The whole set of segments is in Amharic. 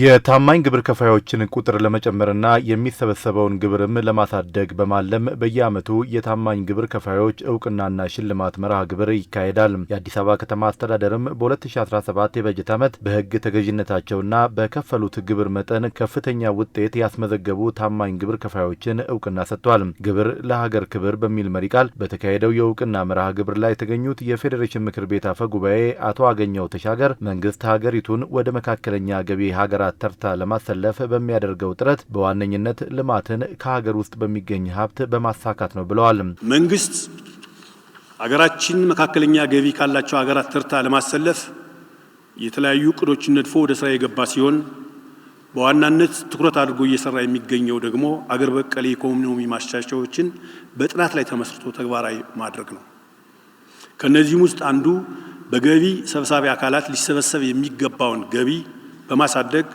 የታማኝ ግብር ከፋዮችን ቁጥር ለመጨመርና የሚሰበሰበውን ግብርም ለማሳደግ በማለም በየዓመቱ የታማኝ ግብር ከፋዮች እውቅናና ሽልማት መርሃ ግብር ይካሄዳል። የአዲስ አበባ ከተማ አስተዳደርም በ2017 የበጀት ዓመት በሕግ ተገዥነታቸውና በከፈሉት ግብር መጠን ከፍተኛ ውጤት ያስመዘገቡ ታማኝ ግብር ከፋዮችን እውቅና ሰጥቷል። ግብር ለሀገር ክብር በሚል መሪ ቃል በተካሄደው የእውቅና መርሃ ግብር ላይ የተገኙት የፌዴሬሽን ምክር ቤት አፈ ጉባኤ አቶ አገኘው ተሻገር መንግስት ሀገሪቱን ወደ መካከለኛ ገቢ ሀገራ ሀገራት ተርታ ለማሰለፍ በሚያደርገው ጥረት በዋነኝነት ልማትን ከሀገር ውስጥ በሚገኝ ሀብት በማሳካት ነው ብለዋል። መንግስት ሀገራችን መካከለኛ ገቢ ካላቸው ሀገራት ተርታ ለማሰለፍ የተለያዩ እቅዶችን ነድፎ ወደ ስራ የገባ ሲሆን በዋናነት ትኩረት አድርጎ እየሰራ የሚገኘው ደግሞ አገር በቀል የኢኮኖሚ ማሻሻያዎችን በጥናት ላይ ተመስርቶ ተግባራዊ ማድረግ ነው። ከእነዚህም ውስጥ አንዱ በገቢ ሰብሳቢ አካላት ሊሰበሰብ የሚገባውን ገቢ በማሳደግ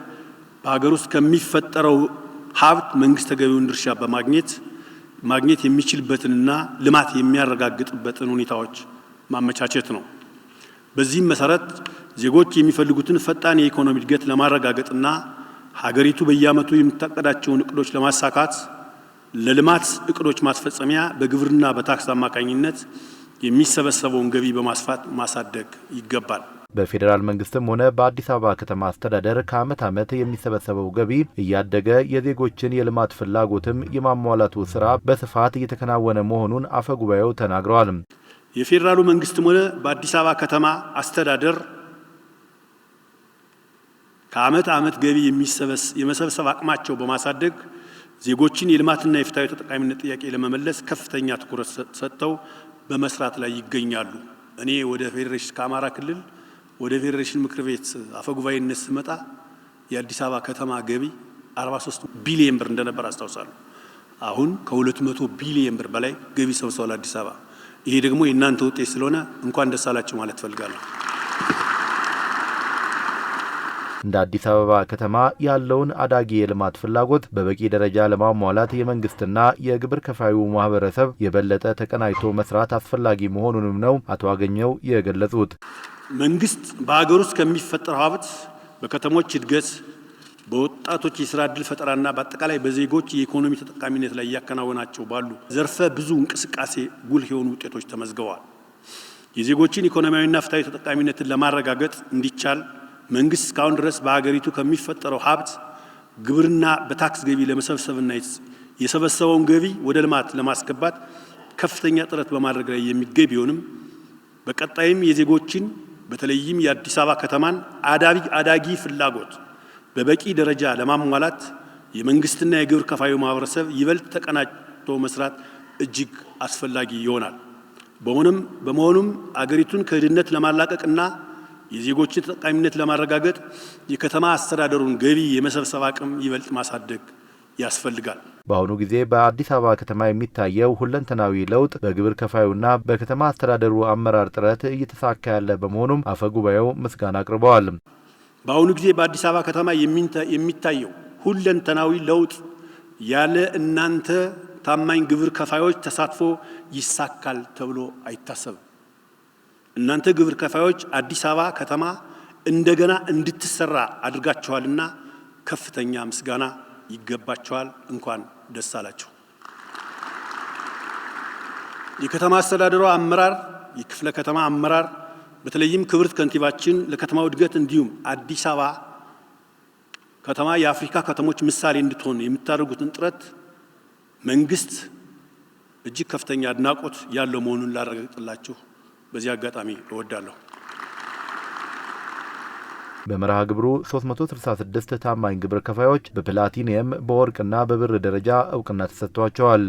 በሀገር ውስጥ ከሚፈጠረው ሀብት መንግስት ተገቢውን ድርሻ በማግኘት ማግኘት የሚችልበትንና ልማት የሚያረጋግጥበትን ሁኔታዎች ማመቻቸት ነው። በዚህም መሰረት ዜጎች የሚፈልጉትን ፈጣን የኢኮኖሚ እድገት ለማረጋገጥና ሀገሪቱ በየዓመቱ የምታቀዳቸውን እቅዶች ለማሳካት ለልማት እቅዶች ማስፈጸሚያ በግብርና በታክስ አማካኝነት የሚሰበሰበውን ገቢ በማስፋት ማሳደግ ይገባል። በፌዴራል መንግስትም ሆነ በአዲስ አበባ ከተማ አስተዳደር ከዓመት ዓመት የሚሰበሰበው ገቢ እያደገ የዜጎችን የልማት ፍላጎትም የማሟላቱ ስራ በስፋት እየተከናወነ መሆኑን አፈ ጉባኤው ተናግረዋል። የፌዴራሉ መንግስትም ሆነ በአዲስ አበባ ከተማ አስተዳደር ከዓመት ዓመት ገቢ የመሰብሰብ አቅማቸው በማሳደግ ዜጎችን የልማትና የፍትሐዊ ተጠቃሚነት ጥያቄ ለመመለስ ከፍተኛ ትኩረት ሰጥተው በመስራት ላይ ይገኛሉ። እኔ ወደ ፌዴሬሽን ከአማራ ክልል ወደ ፌዴሬሽን ምክር ቤት አፈጉባኤነት ስመጣ የአዲስ አበባ ከተማ ገቢ 43 ቢሊየን ብር እንደነበር አስታውሳለሁ። አሁን ከ200 ቢሊየን ብር በላይ ገቢ ሰብስቧል አዲስ አበባ። ይሄ ደግሞ የእናንተ ውጤት ስለሆነ እንኳን ደስ አላችሁ ማለት እፈልጋለሁ። እንደ አዲስ አበባ ከተማ ያለውን አዳጊ የልማት ፍላጎት በበቂ ደረጃ ለማሟላት የመንግስትና የግብር ከፋዩ ማህበረሰብ የበለጠ ተቀናጅቶ መስራት አስፈላጊ መሆኑንም ነው አቶ አገኘው የገለጹት። መንግስት በሀገር ውስጥ ከሚፈጠረው ሀብት በከተሞች እድገት፣ በወጣቶች የስራ እድል ፈጠራና በአጠቃላይ በዜጎች የኢኮኖሚ ተጠቃሚነት ላይ እያከናወናቸው ባሉ ዘርፈ ብዙ እንቅስቃሴ ጉልህ የሆኑ ውጤቶች ተመዝግበዋል። የዜጎችን ኢኮኖሚያዊና ፍትሐዊ ተጠቃሚነትን ለማረጋገጥ እንዲቻል መንግስት እስካሁን ድረስ በሀገሪቱ ከሚፈጠረው ሀብት ግብርና በታክስ ገቢ ለመሰብሰብና የሰበሰበውን ገቢ ወደ ልማት ለማስገባት ከፍተኛ ጥረት በማድረግ ላይ የሚገኝ ቢሆንም በቀጣይም የዜጎችን በተለይም የአዲስ አበባ ከተማን አዳጊ ፍላጎት በበቂ ደረጃ ለማሟላት የመንግስትና የግብር ከፋዩ ማህበረሰብ ይበልጥ ተቀናጅቶ መስራት እጅግ አስፈላጊ ይሆናል። በሆነም በመሆኑም አገሪቱን ከድህነት ለማላቀቅና የዜጎችን ተጠቃሚነት ለማረጋገጥ የከተማ አስተዳደሩን ገቢ የመሰብሰብ አቅም ይበልጥ ማሳደግ ያስፈልጋል። በአሁኑ ጊዜ በአዲስ አበባ ከተማ የሚታየው ሁለንተናዊ ለውጥ በግብር ከፋዩና በከተማ አስተዳደሩ አመራር ጥረት እየተሳካ ያለ በመሆኑም አፈ ጉባኤው ምስጋና አቅርበዋል። በአሁኑ ጊዜ በአዲስ አበባ ከተማ የሚታየው ሁለንተናዊ ለውጥ ያለ እናንተ ታማኝ ግብር ከፋዮች ተሳትፎ ይሳካል ተብሎ አይታሰብም። እናንተ ግብር ከፋዮች አዲስ አበባ ከተማ እንደገና እንድትሰራ አድርጋችኋልና ከፍተኛ ምስጋና ይገባችኋል። እንኳን ደስ አላቸው። የከተማ አስተዳደሩ አመራር፣ የክፍለ ከተማ አመራር፣ በተለይም ክብርት ከንቲባችን ለከተማው እድገት እንዲሁም አዲስ አበባ ከተማ የአፍሪካ ከተሞች ምሳሌ እንድትሆን የምታደርጉትን ጥረት መንግስት እጅግ ከፍተኛ አድናቆት ያለው መሆኑን ላረጋግጥላችሁ በዚህ አጋጣሚ እወዳለሁ። በመርሃ ግብሩ 366 ታማኝ ግብር ከፋዮች በፕላቲኒየም በወርቅና በብር ደረጃ እውቅና ተሰጥቷቸዋል።